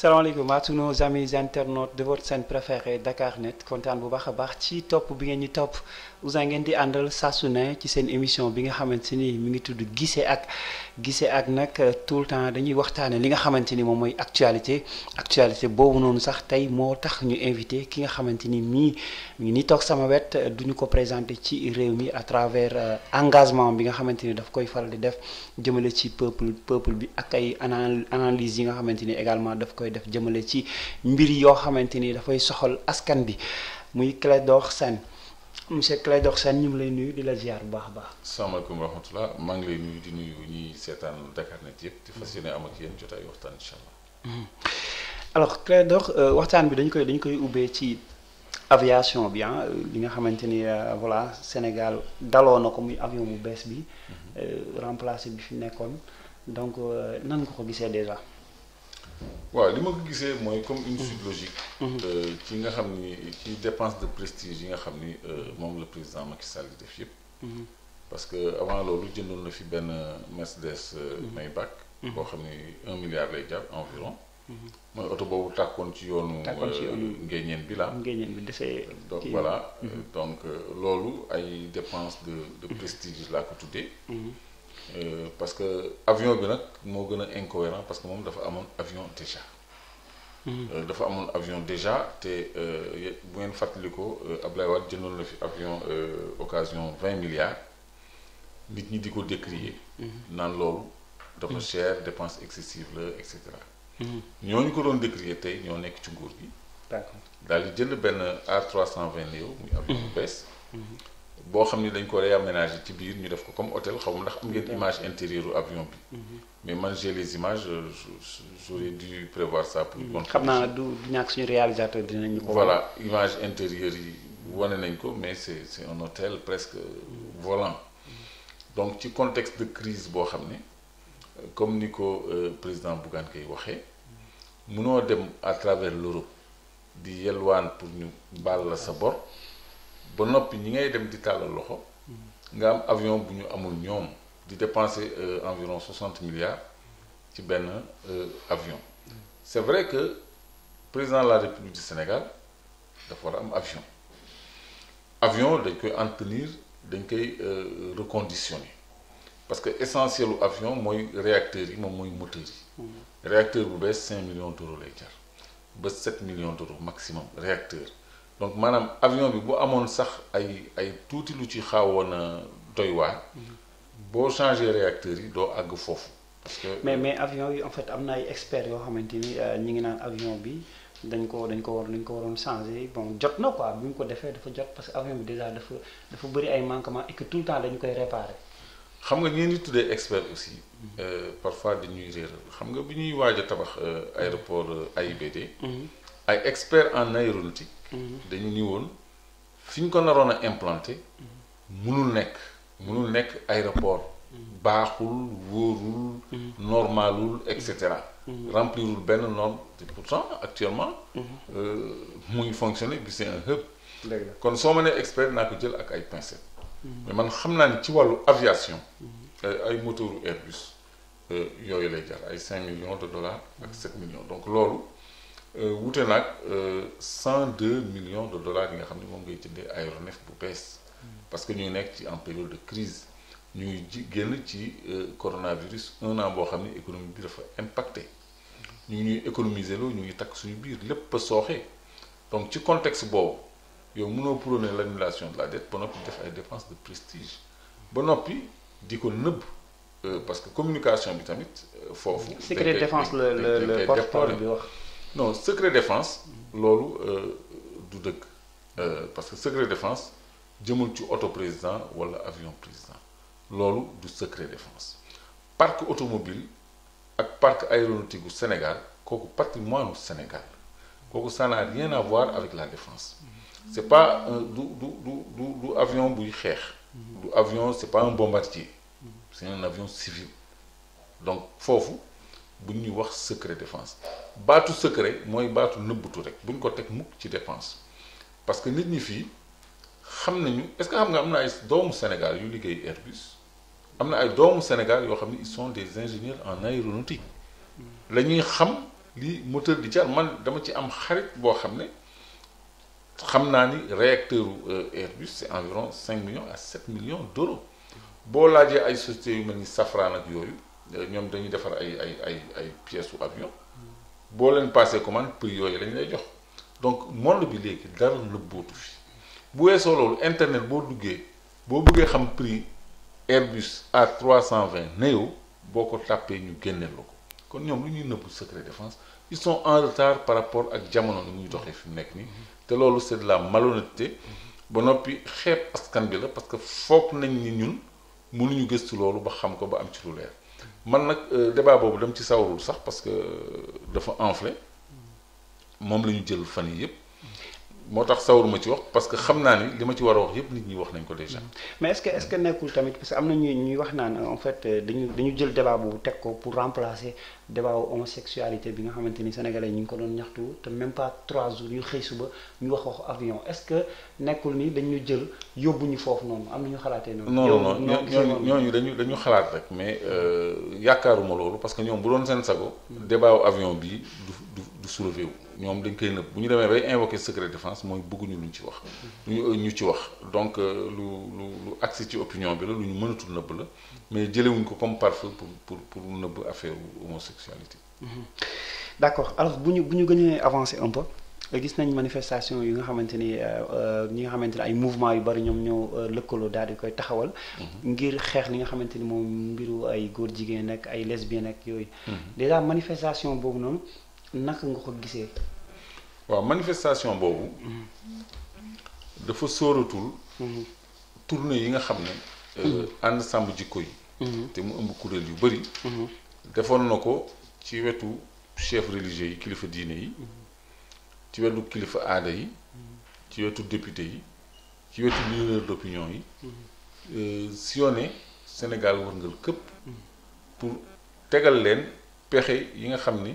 salaamaaleykum à tous nos amis internautes de votre chaîne préférée Dakarnet kontaan bu baax a baax ci topp bi ngeen ñu topp Ouzin ngeen di àndal saa ci seen émission bi nga xamante ni mi ngi tudd gise ak gise ak nag euh, tout le temps dañuy waxtaane li nga xamante ni moom mooy actualité actualité boobu noonu sax tey moo tax ñu invité ki nga xamante ni mii mi ni toog sama wet duñu ko présenté ci réew mi à travers euh, engagement bi nga xamante ni daf koy faral di def jëmale ci peuple bi ak ay analyse yi nga xamante ni également daf koy koy def jëmale ci mbir yoo xamante ni dafay soxal askan bi muy Clédor Sène monsieur Clédor Sène ñu ngi lay nuyu di la ziar bu baax a baax. salaamaaleykum wa rahmatulah maa ngi lay nuyu di nuyu ñuy seetaan Dakarnet yëpp di fas yéene am ak yéen jotaay hmm. euh, waxtaan bi dañ koy dañ koy ubbee ci. aviation bi ah li nga xamante ni euh, voilà Sénégal daloo na ko muy avion bu bees bi hmm. euh, remplacé bi fi nekkoon donc nan nga ko gisee déjà waaw li ma ko gisee mooy comme une suite mmh. logique. Mmh. Euh, ci nga xam ni ci dépense de prestige yi nga xam ni euh, moom la président Macky Sall di def yëpp. Mmh. parce que avant loolu jëndoon na fi benn Mercedes euh, Maybach. boo xam ni un milliard lay jàpp environ. mooy oto boobu tàkkoon ci yoonu. tàkkoon ci yoonu ngéeñeen bi laa ngéeñeen bi desee donc voilà donc loolu ay dépense de de prestige laa ko tuddee. Euh, parce que avion bi nag moo gën a incohérent parce que moom dafa amoon avion déjà. Hmm. Euh, dafa amoon avion déjà te euh, bu ngeen fàttalikoo Abdoulaye Wade jëndoon na fi avion occasion vingt milliards nit ñi di ko décrier. Hmm. naan loolu dafa hmm. cher dépense excessive la et cetera. ñooñu ko doon décrier tey ñoo nekk ci nguur gi. d'accord daal di jënd benn A320 néo muy avion bu bees. boo xam ni dañ ko réaménagé ci biir ñu def ko comme hôtel xaw ndax am ngeen image intérieure avion bi. Mhm. mais man j'ai les images euh, j'aurais dû prévoir ça. pour ñu mhm. xam naa du ñàkk suñu réalisateur dinañ ko. voilà image intérieure yi wane nañ ko mais c'est c'est un hôtel presque mhm. volant donc ci contexte de crise boo xam ne comme ni ko euh, président Bougane koy waxee mënoo dem à travers l'Europe di yelwaan pour ñu baal la sa bor. ba noppi ñi ngay dem di tàllal loxo nga am avion bu ñu amul ñoom di dépenser euh, environ soixante milliards ci benn euh, avion c'est vrai que président de la République du Sénégal dafa war am avion avion dañ koy entretenir dañ koy euh, reconditionner parce que essentielu avion mooy réacteurs yi moom mooy moteurs yi mm-hmm. réacteur bu bees cinq millions d'euros lay jar ba sept millions d'euros maximum réacteur donc maanaam avion bi bu amoon sax ay ay tuuti lu ci xaawoon a doy waa mhm. boo changer réacteurs yi doo àgg foofu parce que mais mais avion yi en fait am na ay experts yoo xamante ni euh, ñi ngi naan avion bi dañ ko dañ ko war dañ ko waroon changé bon jot na quoi bi ñu ko defee dafa jot parce que avion bi déjà dafa dafa bëri ay manquements et que tout le temps dañu koy réparer. xam nga ñeen di tuddee expert aussi mhm. euh, parfois dañuy réeral xam nga bi ñuy waaj a tabax euh, aéroport AIBD. Mhm. ay experts en aéronautique. Mhm. dañu ni woon fi ñu ko naroon a implanté. mënul mhm. nekk mënul nekk aéroport. Mhm. baaxul wóorul. normalul et cetera. remplirul benn norme te pourtant actuellement. Euh, mu ngi fonctionner bi c'est un hub. kon soo ma nee expert naa ko jël ak ay pincettes. mais man xam naa ne ci wàllu aviation. ay moteuru Airbus euh, yooyu lay jar ay cinq millions de dollars ak sept millions donc loolu. wute naag 102 millions de dollars yi nga xam ne moom ngay jëndee aéronef bu bees parce que ñuy nekk ci en période de crise ñuy ji génn ci euh, coronavirus un an boo xam ne économie bi dafa impacté ñu ngi ñuy économiser loo ñu ngi takk suñu biir lépp a sooxee donc ci contexte boobu yow mënoo prôné l' annulation de la dette ba noppi def ay dépenses de prestige ba noppi di ko nëbb euh, parce que communication bi tamit euh, foofu secret défense la la la porte-parole bi wax non secret défense loolu euh, du dëgg euh, parce que secret défense jëmul ci auto président wala avion président loolu du secret défense parc automobile ak parc aéronautique bu Sénégal kooku patrimoine Sénégal kooku ça n'a rien à voir avec la défense c'est pas du du du du du avion buy xeex du avion c'est pas un bombardier c'est un avion civil donc foofu bu ñuy wax secret défense baatu secret mooy baatu nëbbutu rek buñ ko teg mukk ci dépense parce que nit ñi fii xam nañu est-ce que xam nga am na ay doomu Sénégal yu liggéey Airbus am na ay doomu Sénégal yoo xam ne ison des ingénieurs en aéronautique hmm. la ñuy xam li moteur di jar man dama ci am xarit boo xam ne xam naa ni réacteur euh, Airbus c'est environ cinq millions à sept millions d'euros boo laajee ay sociétés yu mel ni Safran ak yooyu ñoom dañuy defar ay ay ay ay pièces u avion boo leen passé commande prix yooyu lañ lay jox donc monde bi léegi dara nëbbootu fi bu weesoo loolu internet boo duggee boo bëggee xam prix Airbus cent 320 neo boo ko tàppee ñu génneel la ko kon ñoom lu ñuy nëbb secret défense ils sont en retard par rapport ak jamono ni ñuy doxee fi mu nekk nii te loolu c'est de la malhonnêteté ba noppi xeeb askan bi la parce que foog nañ ni ñun mënuñu gëstu loolu ba xam ko ba am ci lu man nag euh, débat boobu dem ci sawarul sax parce que euh, dafa enflé moom la ñu jël fan yi yëpp moo tax sawaruma ci wax parce que xam naa ni li ma ci war a wax yëpp nit ñi wax nañ ko déjà. mais est-ce que est-ce que nekkul tamit parce que am na ñuy wax naan en fait euh, dañu dañu jël débat boobu teg ko pour remplacer débat wu homosexualité bi nga xamante ni sénégalais ñu ngi ko doon ñaxtu te même pas trois jours ñu xëy suba ñu wax wax avion est-ce que nekkul ni dañu jël yóbbu ñu foofu noonu am na ñu xalaatee noonu. non non ñooñu ñooñu dañu dañu xalaat rek mais euh, yaakaaruma loolu parce que ñoom bu doon seen sago. Hmm. débat wu avion bi soulever ñoom dañ koy nëb bu ñu demee bay invoqué secret défense mooy bëgguñu luñ ci wax. ñu ñu ci wax donc euh, lu lu lu accès ci opinion bi la lu ñu mënatul nëbb la mais jëlewuñ ko comme parfum pour pour pour nëbb affaire homosexualité. Mhm. d' accord alors bu ñu bu ñu gënee avancer un peu. gis nañ manifestation yi nga xamante ni euh, euh, ñi nga xamante ni ay mouvement yu bari ñoom ñoo lëkkaloo daal di koy taxawal. Mhm. ngir xeex li nga xamante ni moom mbiru ay góor jigéen ak ay lesbiennes ak yooyu. Mhm. naka nga ko gisee. waaw manifestation boobu. Mm-hmm. dafa sóoratul. Mm-hmm. tournée yi nga xam ne. Euh, mm-hmm. ànd sàmm jikko yi. te mu ëmb kuréel yu bëri. defoon na ko ci wetu chef religieux yi kilifa diine yi. ci wetu kilifa aada yi. ci wetu député yi. ci wetu leader d'opinion yi. Euh, sillonné Sénégal wërngal këpp. pour tegal leen pexe yi nga xam ni.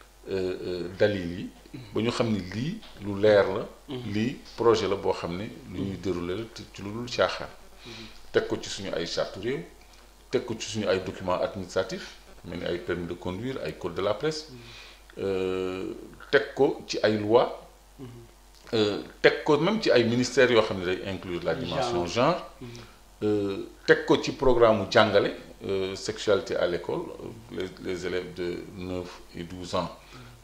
Euh, euh, dalil yi ba ñu xam ne lii lu leer la lii projet la boo xam ne lu ñuy dérouler la te ci lu dul caaxaan teg ko ci suñu ay charte réew teg ko ci suñu ay documents administratifs mel ni ay permis de conduire ay code de la presse euh, teg ko ci ay lois teg ko même ci ay ministères yoo xam ne day inclure la dimension genre teg ko ci programme mu jàngale sexualité à l'école les les élèves de neuf et douze ans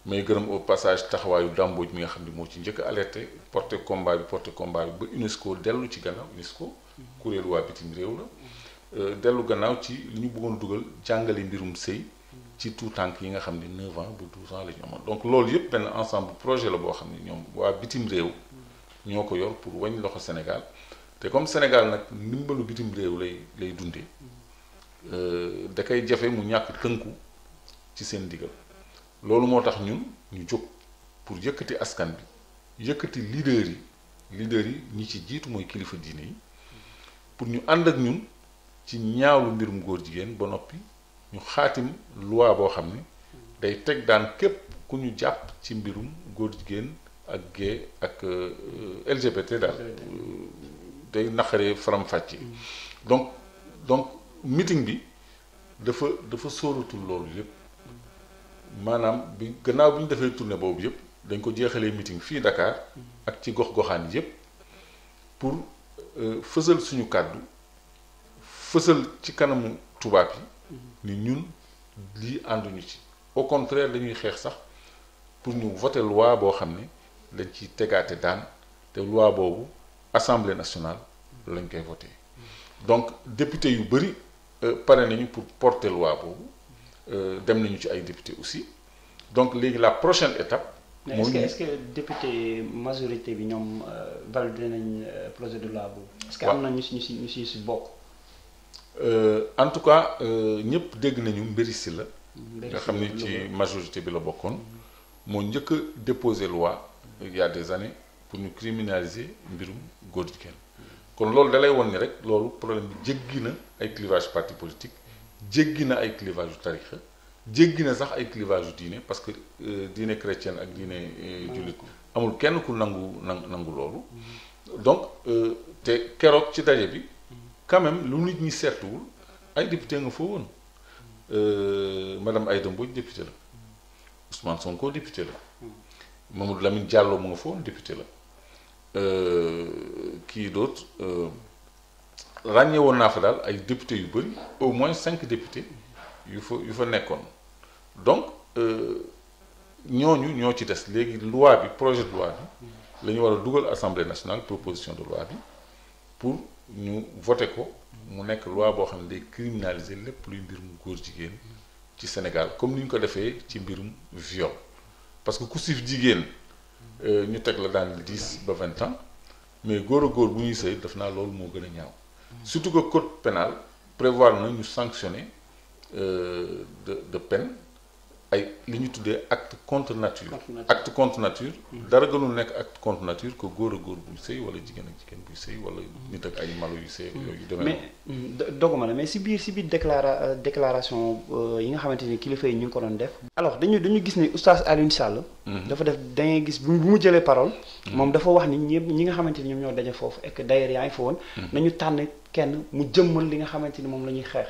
may gërëm au passage taxawaayu dàmbooj mi nga xam ne moo ci njëkk alerte porté combat bi porté combat bi ba UNESCO dellu ci gannaaw UNESCO kuréelu waa bitim réew la euh, dellu gannaaw ci li ñu bëggoon dugal jàngale mbirum sëy ci tout tànk yi nga xam ne 9 ans bu 12 ans la ñu amoon donc loolu yëpp benn ensemble projet la boo xam ne ñoom waa bitim réew ñoo ko yor pour wañ loxo Sénégal te comme Sénégal nag ndimbalu bitim réew lay lay dundee euh, da kay jafe mu ñàkk tënku seen digal loolu moo tax ñun ñu jóg pour yëkkati askan bi yëkkati leader yi leader yi ñi ci jiitu mooy kilifa diine yi pour ñu ànd ak ñun ci ñaawlu mbirum góor jigéen ba noppi ñu xaatim loi boo xam ne day teg daan képp ku ñu jàpp ci mbirum góor jigéen ak gay ak euh, LGBT daal day naqaree faram mm. donc donc meeting bi dafa dafa sóoratul loolu yépp maanaam bi gannaaw bi ñu defee tournée boobu yëpp dañ ko jeexalee meeting fii Dakar ak ci gox-goxaan yëpp pour euh, fësal suñu kàddu fësal ci kanamu tubaab yi ni ñun lii ànduñu ci au contraire dañuy xeex sax pour ñu vote loi boo xam ne dañ ciy tegaate daan te loi boobu assemblée nationale lañ koy voter donc député yu bëri euh, pare nañu pour porter loi boobu Euh, dem nañu ci ay député aussi donc léegi la prochaine étape. moo ñu est-ce que bi ñoom euh, validé nañ euh, projet de loi boobu. est-ce que am na ñu si ñu si ñu si bokk. en tout cas ñëpp dégg nañu mbiri si la. nga xam ni ci majorité bi la bokkoon. Mm-hmm. moo njëkk a loi il des années pour ñu criminaliser mbirum góor jigéen mm-hmm. kon loolu dalay won ni rek loolu problème bi jéggi na ay clivage parti politique. jéggi na ay clivage yu tarixa jéggi na sax ay clivage yu diine parce que euh, diine chrétienne ak diine euh, jullit amul kenn ku nangu nangu loolu mhm. donc euh, te keroog ci daje bi mhm. quand même lu nit ñi seetuwul ay député nga foo woon ay Aïda Mbodj député la mhm. Ousmane Sonko député la Mamadou Lamine Diallo mu nga foo woon député la kii d'autre ràññe woon naa fa daal ay député yu bëri au moins cinq députés yu fa yu fa nekkoon donc euh, ñooñu ñoo ci des léegi loi bi projet de loi bi la ñu war a dugal assemblée nationale proposition de loi bi pour ñu voté ko mu nekk loi boo xam ne day criminaliser lépp luy mbirum góor jigéen ci Sénégal comme ni ñu ko defee ci mbirum viol parce que ku siif jigéen euh, ñu teg la daan dix ba vingt ans mais góor a góor bu ñuy sëy def naa loolu moo gën a ñaaw surtout que code pénal prévoir na ñu sanctionner euh, de de peine ay li ñu tuddee acte contre nature. acte contre nature. Mm-hmm. dara gënul nekk acte contre nature que góor a góor buy sëy wala jigéen ak jigéen buy sëy wala nit ak ay malo yu sëy. Mm-hmm. yooyu demee mais mm, doguma la mais si biir si biir déclara euh, déclaration euh, yi nga xamante ni kilifa yi ñu ngi ko doon def. alors dañu dañu gis ne oustaz Alioune Sall. Mm-hmm. dafa def da ngay gis bu mu jëlee parole. moom dafa wax ni ñëpp ñi nga xamante ni ñoom ñoo daje foofu et que d'ailleurs yaa ngi fa nañu tànn kenn mu jëmmal li nga xamante ni moom la ñuy xeex.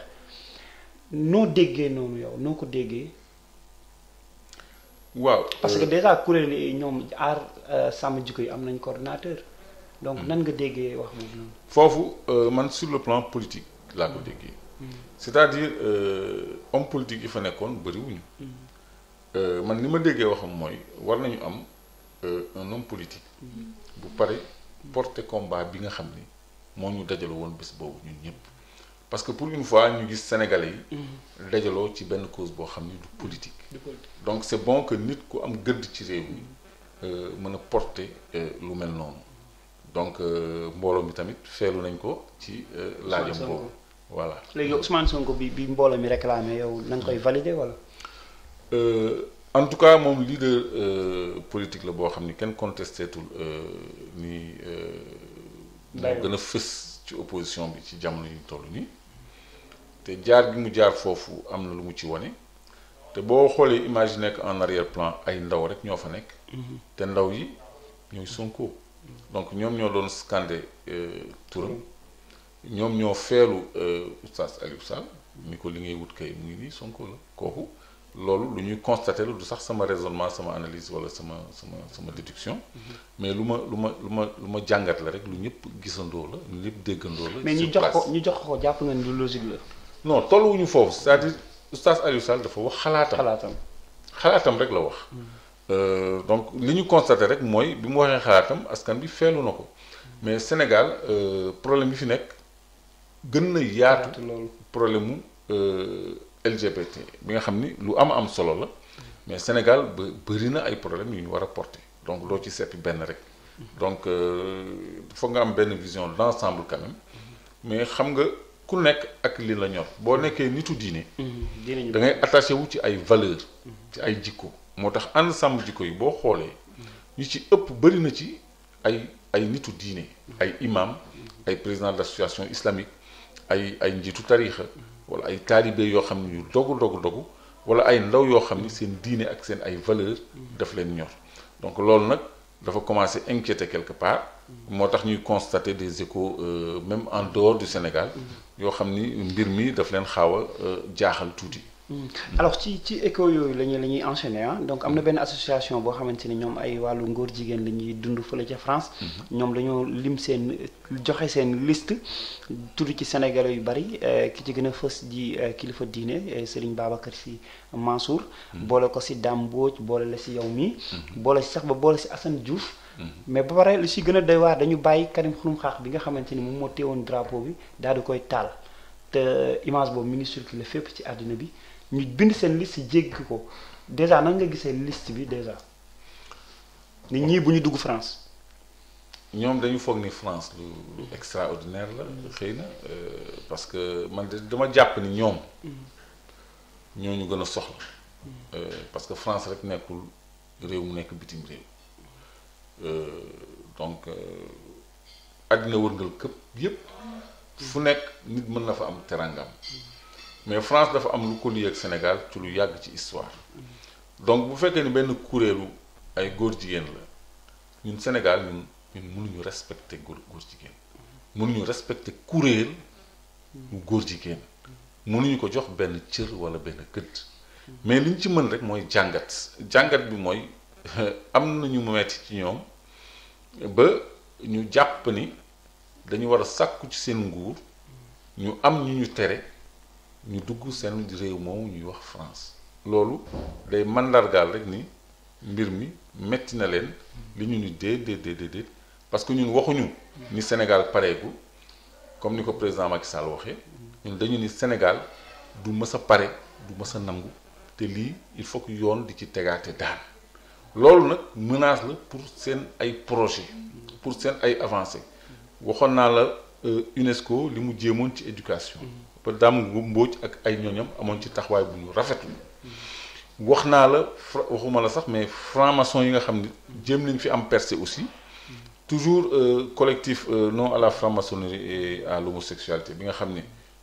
noo déggee noonu yow ko déggee. waaw parce que déjà kuréel yi ñoom aar euh, sàmm jikko yi am nañ ordinateur donc hmm. nan nga déggee wax moom noonu. foofu euh, man sur le plan politique laa ko hmm. déggee. Hmm. c'est-à-dire euh, homme politique yi fa nekkoon bëriwuñu. man li ma déggee waxam mooy war nañu am un homme politique. bu pare porter combat bi nga xam ni moo ñu dajale woon bés boobu ñun ñëpp. parce que pour une fois ñu gis sénégalais yi. Mhm. dajaloo ci benn cause boo xam ni du politique. donc c' est bon que nit ku am gëdd ci réew mi mhm. euh, mën a porter euh, lu mel noonu donc euh, mbooloo mi tamit feelu nañ ko ci laajam boobu. voilà léegi Ousmane Sonko bi bi mbooloo mi réclamé yow na nga koy valider wala. en tout cas moom leader politique la boo xam ni kenn contesté tul ni. moo gën a fës. ci opposition bi ci jamono ñu toll nii te jaar gi mu jaar foofu am na lu mu ci wane te boo xoolee image nekk en arrière plan ay ndaw rek ñoo fa nekk. Mhm. te ndaw yi ñooy Sonko. donc ñoom ñoo doon scandé euh, turam ñoom ñoo feelu euh, Oustaz Aliou Sall ni ko li ngay wut kay mu ngi nii Sonko la kooku. loolu lu ñuy constaté la du sax sama raisonnement sama analyse wala sama sama sama déduction. Mm-hmm. mais lu ma lu ma lu ma lu ma jàngat la rek lu ñëpp gisandoo la lu ñëpp déggandoo la. mais ñu jox ko ñu jox ko jàpp ngeen du logique la. non tolluwuñu foofu sa à dire oustaz Aliou Sall dafa wax xalaatam. xalaatam xalaatam rek la wax. Mm-hmm. Euh, donc li ñu constaté rek mooy bi mu waxee xalaatam askan bi feelu na ko mm-hmm. mais Sénégal euh, problème bi fi nekk gën na yaatu. loolu problème mu. Euh, LGBT bi nga xam ni lu am am solo la mais Sénégal ba bëri na ay problèmes yu ñu war a porter donc doo ci seppi benn rek donc euh, foog nga am benn vision d'ensemble quand même mais xam nga ku nekk ak li la ñor boo nekkee nitu diine da ngay attaché wu ci ay valeur ci ay jikko moo tax ensemble jikko yi boo xoolee ñu ci ëpp bëri na ci ay ay nitu diine ay imam ay président d'association islamique ay ay njiitu tarixa wala ay taalibe yoo xam ne yu dogu dogu dogu wala ay ndaw yoo xam ni seen diine ak seen ay valeur daf leen ñor donc loolu nag dafa commencer inquiéter quelque part moo tax ñuy constater des échos euh, même en dehors du Sénégal mm-hmm. yoo xam ni mbir mi daf leen xaaw a euh, jaaxal tuuti Mm. alors ci ci écho yooyu la ñuy la ñuy enchaîner ah. donc am na benn association boo xamante ni ñoom ay wàllu ngóor jigéen la ñuy dund fële ca France. Mm-hmm. ñoom dañoo lim seen joxe seen liste tudd ci sénégalais yu bari eh, ki ci gën a fës di eh, kilifa diine eh, Serigne Babacar Sy Mansour. Mm-hmm. boole ko si Dame Mbodj boole la si yow mii. Mm-hmm. boole si sax ba boole si Assane Diouf. mais ba pare lu si gën a doy dañu bàyyi Karim Xrum Xax bi nga xamante ni moom moo téewoon drapeau bi daal di koy taal te image boobu mi ngi circulé fépp ci àddina bi. ñu bind seen liste jéggi ko déjà nag nga gisee liste bi déjà nit ñi bu ñu dugg France. ñoom dañu foog ni France lu lu extraordinaire la xëy na euh, parce que man dama jàpp ni ñoom. Mm-hmm. ñoo ñu gën a soxla. Mm-hmm. Euh, parce que France rek nekkul réew mu nekk bitim réew. Euh, donc àddina wërngal këpp yépp mm-hmm. fu nekk nit mën na fa am terangam. mais France dafa am lu ko lii ak Sénégal ci lu yàgg ci histoire donc bu fekkee ni benn kuréelu ay góor jigéen la ñun Sénégal ñun ñun mënuñu respecter góor góor jigéen mënuñu respecter kuréel góor jigéen mënuñu ko jox benn cër wala benn gëdd mais liñ ci mën rek mooy jàngat jàngat bi mooy am na ñu metti ci ñoom ba ñu jàpp ni dañu war a sàkku ci seen nguur ñu am ñu ñu tere. ñu dugg seen réew moom ñuy wax France loolu day mandargaal rek ni mbir mi metti na leen li ñu ni déet déet déet parce que ñun waxuñu ni Sénégal pareegul comme ni ko président Macky Sall waxee ñun dañu ni Sénégal du mës a pare du mës a nangu te lii il faut que yoon di ci tegaate daan loolu nag menace la pour seen ay projet pour seen ay avancé waxoon naa la euh, UNESCO li mu jéemoon ci éducation ba daam mbóoj ak ay ñooñam amoon ci taxawaay bu ñu rafetlu wax naa la waxuma la sax mais franc-maçon yi nga xam ne jéem nañ fi am percé aussi toujours euh, collectif euh, non à la franc-maçonnerie et à l'homosexualité bi nga xam ne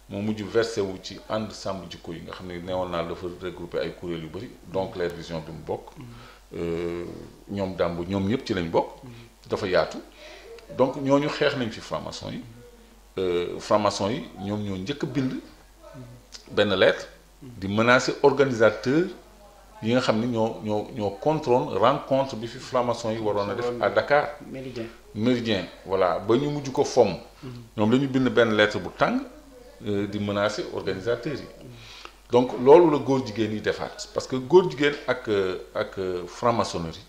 moo mujj versé wu ci ànd sàmm jikko yi nga xam ne neewoon naa dafa regroupé ay kuréel yu bëri donc Claire Vision bi mu bokk euh, ñoom dàmb ñoom ñëpp ci lañ bokk dafa yaatu donc ñooñu xeex nañ fi franc-maçon yi Euh, franc-maçon yi ñoom ñoo njëkk a bind benn lettre di menacer organisateur yi nga xam ne ñoo ñoo ñoo contrôle rencontre bi fi franc yi waroon a def à Dakar Méridien Méridien voilà ba ñu mujj ko fomm mhm. ñoom dañu bind benn lettre bu tàng euh, di menacer organisateurs yi donc loolu la góor jigéen yi defaat parce que góor jigéen ak euh, ak franc-maçonnerie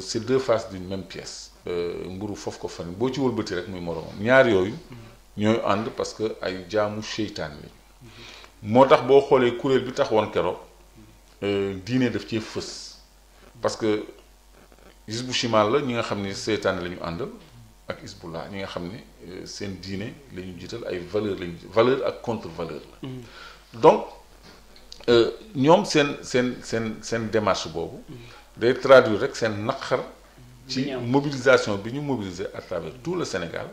c'est de faces d'une même pièce Euh, mburu foofu ko fan boo ci wëlbati rek muy moroomam ñaar yooyu ñooy ànd parce que ay jaamu seytaan lañu moo tax boo xoolee kuréel bi tax woon keroog euh, diine def cee fës parce que isbu chimal la ñi nga xam ne seytaane la ñu àndal ak isbullah ñi nga xam ne euh, seen diine lañu ñu jiital ay valeur lañu valeur ak contre valeur la mm. donc ñoom seen seen seen seen démarche boobu mm. day traduire rek seen naqar ci mobilisation bi ñu mobiliser à travers tout le Sénégal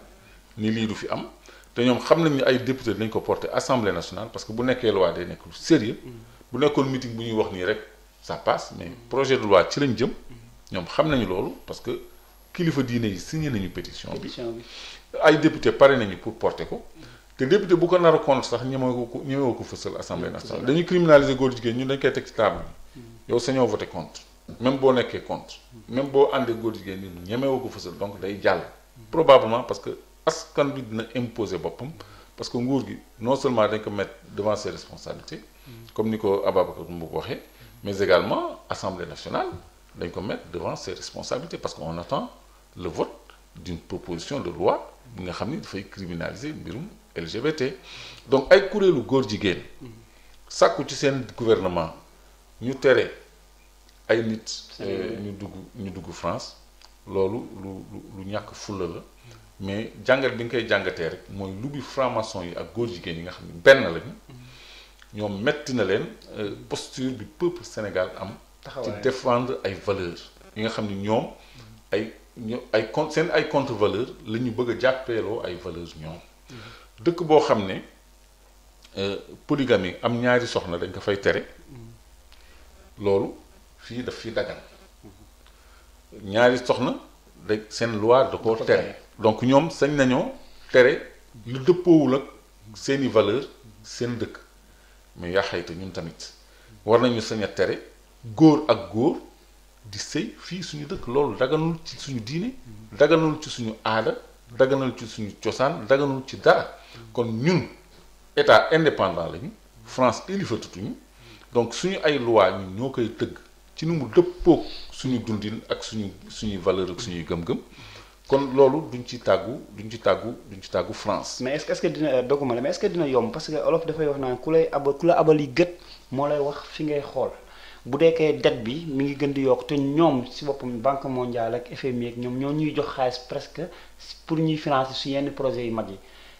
ni lii du fi am te ñoom xam nañ ni ay député dañ ko porter assemblée nationale parce que bu nekkee loi day nekk lu sérieux mm. bu nekkoon meeting bu ñuy wax nii rek ça passe mais mm. projet de loi ci lañ jëm mm. ñoom xam nañu loolu parce que kilifa diine yi signé nañu pétition bi ay député pare nañu pour porter ko te député bu ko nar a contre sax ñemewu ko ñemewu ko fësal assemblée nationale dañuy criminaliser góor jigéen ñun dañ koy teg ci table yow sañoo voté contre même boo nekkee contre même boo àndee góor jigéen ñi ñemewoo ko fësal donc day jàll probablement parce que askan bi dina imposer boppam parce que nguur gi non seulement dañ ko mettre devant ses responsabilités comme ni ko Ababacar Mbow waxee mais également assemblée nationale dañ ko mettre devant ses responsabilités parce que on attend le vote d'une proposition de loi bi nga xam ni dafay criminaliser mbirum LGBT donc ay kuréelu góor jigéen sàkku ci seen gouvernement ñu tere ay nit euh, ñu dugg ñu dugg France loolu lu lu ñàkk fulla la mais jàngat bi nga koy jàngatee rek mooy lu bi franc yi ak góor jigéen yi nga xam ne benn lañu ñoom metti na leen euh, posture bi peuple Sénégal am ci défendre ay valeurs yi nga xam ne ñoom ay ay con seen ay contre valeur la ñu bëgg a jàppeeloo ay valeurs ñoom dëkk boo xam ne euh, polygamie am ñaari soxna dañ ko fay tere mm. loolu fii daf fi dagan ñaari soxna da seen loi da koo tere donc ñoom sañ nañoo tere lu dëppoowul ak seeni valeur seen dëkk mais yaa xayta ñun tamit war nañu sañ a tere góor ak góor di sëy fii suñu dëkk loolu daganul ci suñu diine daganul ci suñu aada daganul ci suñu cosaan daganul ci dara kon ñun état indépendant lañu France ilifatutuñu donc suñu ay loi ñun ñoo koy tëgg ci nu mu dëppoog suñu dundin ak suñu suñuy valeur ak suñuy gëm-gëm kon loolu duñ ci tàggu duñ ci tàggu duñ ci tàggu France. mais est-ce que dina euh, doguma la mais est-ce que dina yomb parce que olof dafay wax naan ku lay abal ku la abal yi gët moo lay wax fi ngay xool bu deekee dette bi mi ngi gën di yokk te ñoom si boppam banque mondiale ak FMI ak ñoom ñoo ñuy jox xaalis presque pour ñuy finance su yenn projet yu mag yi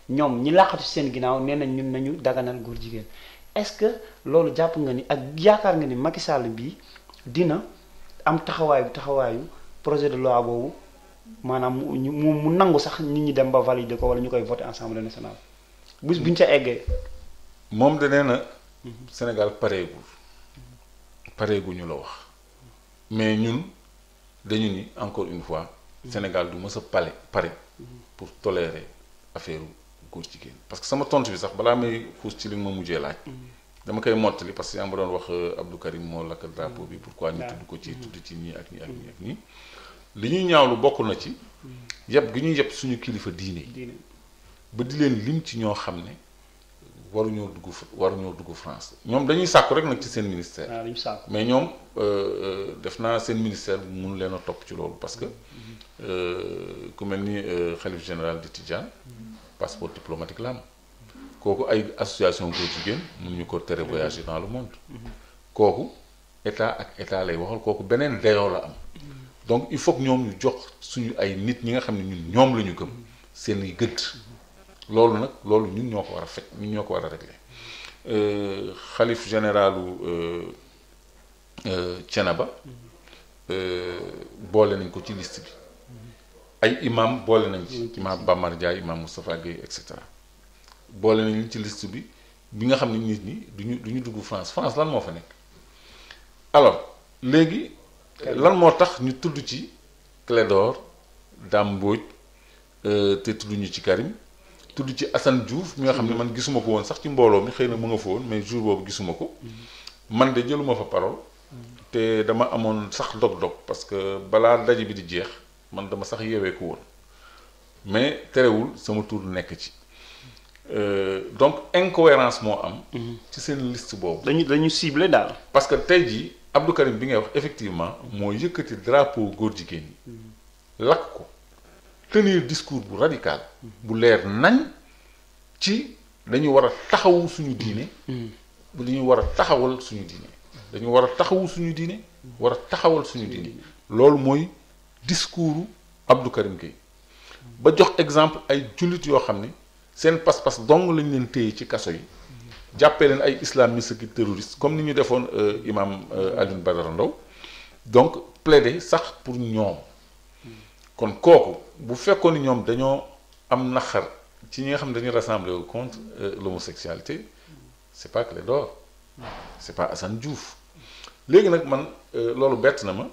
ñoom ñi laqatu si seen ginnaaw nee nañ ñun nañu daganal góor jigéen est-ce que loolu jàpp nga ni ak yaakaar nga ni Macky Sall bii. dina am taxawaay bu taxawaayu projet de loi boobu maanaam mu mu nangu sax nit ñi dem ba valider ko wala ñu koy voter assemblée nationale bu ñu ca eggee. moom da nee na mhm. Sénégal pareegul pareegul ñu la wax mais ñun dañu ni encore une fois mhm. Sénégal du ma a pale pare mhm. pour tolérer affaire góor jigéen parce que sama tontu bi sax balaa may xuus ci li ma mujjee laaj. dama koy mottali parce que yaa ma doon wax euh, Abdou moo lakk drapeau bi pourquoi ñu mm. tudd ko ci mm. tudd ci nii ak ñii ak ñii li ñuy ñaawlu bokk na ci mm. yëpp gi ñuy yëpp suñu kilifa diine yi ba di leen lim ci ñoo xam ne waruñoo dugg waruñoo dugg France ñoom dañuy sàkku rek nag ci seen ministère ah, mais ñoom euh, euh, def naa seen ministère mënu leen a topp ci loolu parce que ku mel ni xalif général di Tijaan passeport diplomatique la kooku ay association góor mun ñu ko tere voyager dans le monde kooku état ak état lay waxal kooku beneen dayoo la am donc il faut ñoom ñu jox suñu ay nit ñi nga xam ne ñun ñoom la ñu gëm seen i gëdd loolu nag loolu ñun ñoo ko war a fekk ñun ñoo ko war a régler euh, xalif généralu euh, euh, Thiénaba boole nañ ko ci liste bi ay imam boole nañ ci imam Bamar Ndiaye imam Moustapha Gueye et cetera boole nañu ci list bi bi nga xam ne nit ñi duñu duñu dugg France France lan moo fa nekk alors léegi lan moo tax ñu tudd ci Clédor Dame Mbodj euh, te tudduñu ci Karim tudd ci Assane Diouf mi nga xam ne mhm. man gisuma ko woon sax ci mbooloo mi xëy na mu nga fa woon mais jour boobu gisuma ko mhm. man de jëluma fa parole mhm. te dama amoon sax dog-dog parce que balaa daje bi di jeex man dama sax yeweeku woon mais terewul sama tur nekk ci Euh, donc incohérence moo am. ci seen liste boobu. dañu dañu ciblé daal. parce que tey jii Abdou Karim bi ngay wax effectivement moo yëkkati drapeau góor jigéen yi lakk ko tenir discours bu radical bu leer nañ ci dañu war a taxawu suñu diine. dañu war a taxawal suñu diine. dañu war a taxawu suñu diine. war a taxawal suñu diine. loolu mooy discours Abdou Karim Gueye ba jox exemple ay jullit yoo xam ne. seen pas-pas dong lañ leen téye ci kaso yi jàppee leen ay islamiste ki terroriste comme ni ñu defoon euh, imam euh, Alioune Badara Ndao donc plaider sax pour ñoom kon kooku bu fekkoon ni ñoom dañoo am naxar ci ñi nga xam ne dañuy rassembler wu contre euh, l'homosexualité c'est pas Clédor c'est pas Assane Diouf léegi nag man loolu bett na ma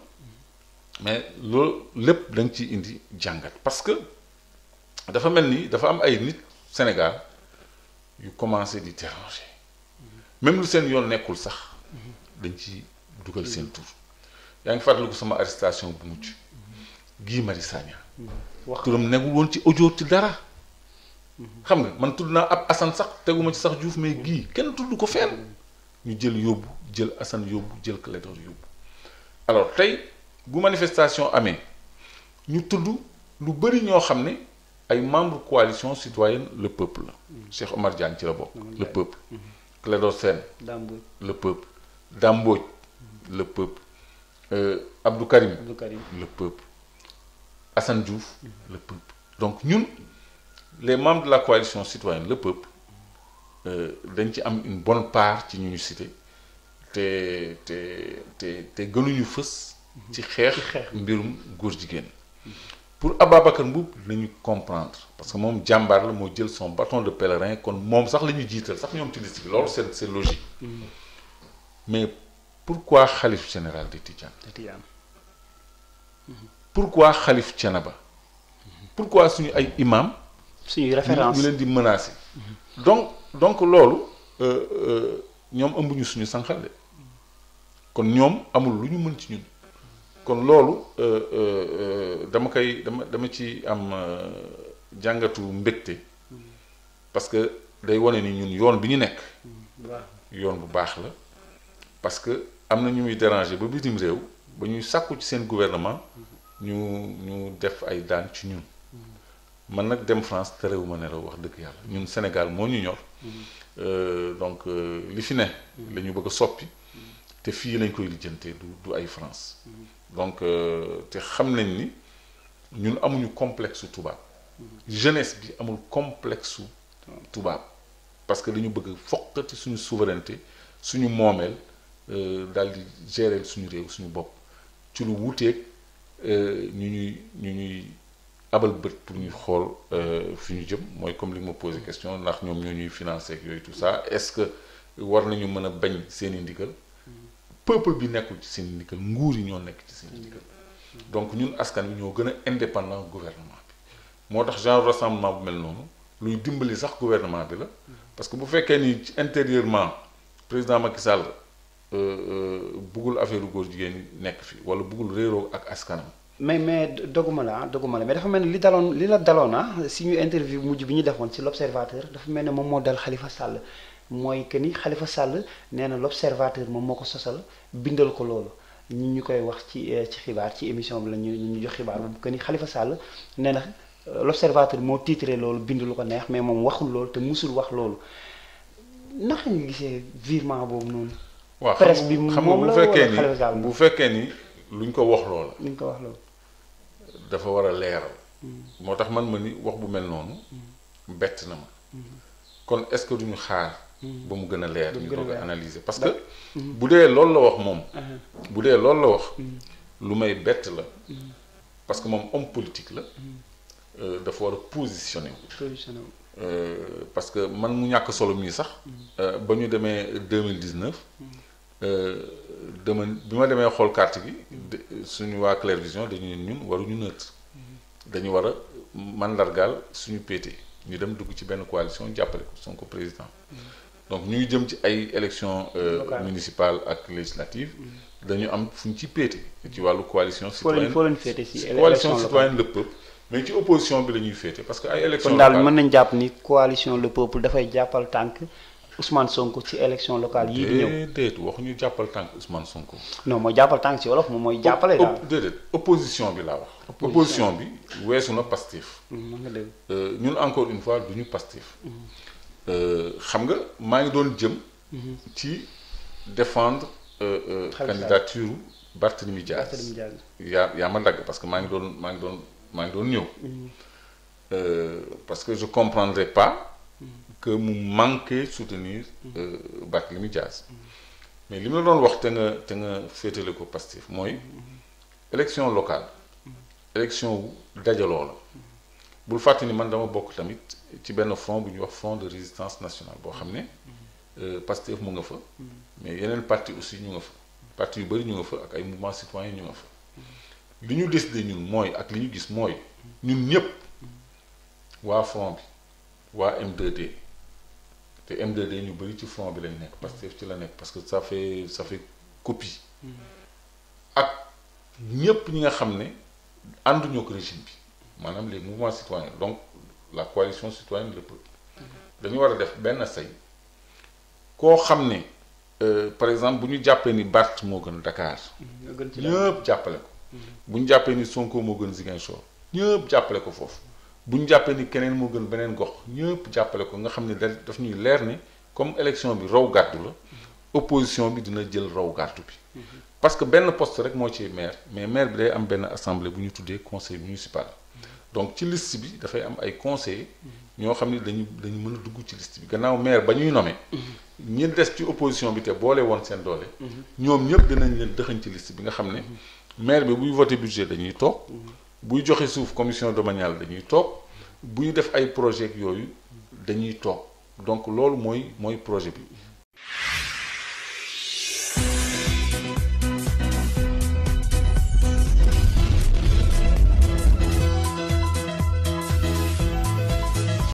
mais loolu lépp dañ ci indi jàngat parce que dafa mel ni dafa am ay nit Sénégal yu commencé di déranger même lu seen yoon nekkul sax dañ ci dugal seen tur yaa ngi fàttaliku sama arrestation bu mujj gii ma Sagna wax turam nekkul woon ci audio ci dara mhm. xam nga man tudd naa ab Assane sax teguma ci sax Diouf mais Guy kenn tudd ko fenn mhm. ñu jël yóbbu jël Assane yóbbu jël Clédor yóbbu alors tey bu manifestation amee ñu tudd lu bëri ñoo xam ne ay membre coalition citoyenne le peuple la. Cheikh Omar Diagne ci la bokk. Mhm. le peuple. Clédor Sène. Damboj le peuple. Damboj le peuple. Abdou le peuple. Assane Diouf le peuple. donc ñun les membres la coalition citoyenne le peuple euh, dañ ci am une bonne part ci ñu ñu cité te te te te gënuñu fës. Mhm. ci xeex mbirum góor jigéen. Mhm. pour Ababacar Mboup la comprendre parce que moom jàmbaar la moo jël son bâton de pèlerin kon moom sax la jiital sax ñoom ci liste bi loolu c'est c'est logique mm-hmm. mais pourquoi xalif général de Tidiane mm-hmm. pourquoi xalif Thiénaba mm-hmm. pourquoi suñu ay imam suñu référence ñu leen di menacer donc donc loolu euh, euh, ñoom ëmbuñu suñu sànqal de kon ñoom amul lu ñu mën ci ñun kon loolu euh, euh, dama koy dama dama ci am euh, jàngatu mbégte parce que day wane ni ñun yoon bi ñu nekk yoon bu baax la parce que am na ñu muy déranger ba bitim réew ba ñuy sàkku ci seen gouvernement ñu ñu def ay daan ci ñun man nag dem France terewu ma nelaw wax dëgg yàlla ñun Sénégal moo ñu ñor mm-hmm. donc li fi ne mm-hmm. lañu bëgg a soppi te fii lañ koy lijjantee du du ay France mhm. donc euh, te xam nañ ni ñun amuñu complexe tubaab mhm. jeunesse bi amul complexe tubaab parce que dañu bëgg foqati suñu souveraineté suñu moomeel euh, daal di gérer suñu réew suñu bopp ci lu wuuteeg euh, ñu ñuy ñu ñuy abal bët pour ñu xool fi ñu jëm mooy comme li ma posé mhm. question ndax ñoom ñoo ñuy financé yooyu tout ça est-ce que war nañu mën a bañ seeni i peuple bi nekkul ci seen ndigal nguur yi ñoo nekk ci seen ndigal donc ñun askan wi ñoo gën a indépendant gouvernement bi moo tax genre rassemblement bu mel noonu luy dimbali sax gouvernement bi la parce que bu fekkee ni ci intérieurement président Macky Sall euh, euh, buggul affaire góor jigéen ñi nekk fi wala buggul réeroo ak askanam. mais mais doguma la ah doguma la mais dafa mel ni li daloon li la daloon ah si ñu interview mujj bi ñu defoon ci l' observateur dafa mel ne moom moo dal Khalifa Sall. mooy que ni Khalifa Sall nee na l'observateur moom moo ko sosal bindal ko loolu ñi ñu koy wax ci eh, ci xibaar ci émission bi la ñu ñu jox xibaar moom que ni xalifa sàll nee na euh, l'observateur moo titré loolu bind lu ko neex mais moom waxul loolu te musul wax loolu ndax ñu gisee virement boobu noonu. waaw presse bi moom la wala Khalifa Sall bu fekkee ni luñ ko wax loola. luñ ko wax loola. dafa war a leeral. Hmm. moo tax man ma ni wax bu mel noonu. Hmm. bett na ma. Hmm. kon est duñu xaar. ba mu gën a leer ñu doog a analyser parce que mm-hmm. bu dee loolu la wax moom uh-huh. bu dee loolu la wax mm-hmm. lu may bett la mm-hmm. parce que moom homme politique la euh, dafa war a positionné wu euh, parce que man mu ñàkk solo mii sax euh, ba ñu demee 2019 dama bi ma demee xool carte bi suñu waa Claire Vision dañu ñun waruñu nët dañu war a mandargaal suñu pété ñu dem dugg ci benn coalition jàppale ko président donc ñu ngi jëm ci ay élections euh, municipales ak législatives mm-hmm. dañu am fu ñu ci péete ci wàllu coalition citoyenne foo leen féete si coalition citoyenne le peuple mais ci opposition bi la ñuy féete parce que ay élections kon daal nañ jàpp ni coalition le peuple dafay jàppal tànk Ousmane Sonko ci élection locale yii di ñëw wax ñu jàppal tànk Ousmane Sonko. non mooy jàppal tànk ci wolof moom mooy jàppale daal déedéet opposition bi laa wax. opposition bi weesu na Pastef. Mm, euh, ñun encore une fois duñu Euh, xam nga maa ngi doon jëm. Mhm. ci défendre. Euh, euh, candidature Barthélemy Diaz yaa yaa ma dagg parce que maa ngi doon maa ngi doon maa ngi doon ñëw. Mhm. parce que je comprendrais pas. Mhm. que mu manqué soutenir. Barthélemy Diaz. mais li ma doon wax te nga te nga féetale ko Pastef mooy. élection locale. élection wu dajaloo la. bul fàtte ni man dama bokk tamit ci benn front bu ñuy wax front de résistance nationale boo xam ne euh, Pastef mu nga fa mais yeneen parti aussi ñu nga fa parti yu bëri ñu nga fa ak ay mouvement citoyen ñu nga fa li ñu décidé ñun mooy ak li ñu gis mooy ñun ñëpp waa front bi waa m te m 2 ñu bëri ci front bi lañ nekk Pastef ci la nekk parce que ça fait ça fait copie mm. ak ñëpp ñi nga xam ne ànduñoo ko régime bi maanaam les mouvements citoyens donc la coalition citoyenne le peuple dañu war a def benn say koo xam ne euh, par exemple bu ñu jàppee ni Barth moo gën Dakar ñëpp jàppale ko mm-hmm. bu ñu jàppee ni Sonko moo gën Ziguinchor ñëpp jàppale ko foofu bu ñu jàppee ni keneen moo gën beneen gox ñëpp jàppale ko nga xam ne daf ñuy leer ni comme élection bi raw gàddu la mm-hmm. opposition bi dina jël raw gàddu bi mm-hmm. parce que benn poste rek moo ciy maire mais maire bi day am benn assemblée bu ñu tuddee conseil municipal donc ci liste bi dafay am ay conseillers ñoo xam ne dañu dañu mën a dugg ci liste bi gannaaw maire ba ñuy nommé ñi des ci opposition bi te boole woon seen doole ñoom ñëpp dinañ leen dëxañ ci liste bi nga xam ne maire bi buy voté budget dañuy toog buy joxe suuf commission domaniale dañuy toog buy def ay projet yooyu dañuy toog donc loolu mooy mooy projet bi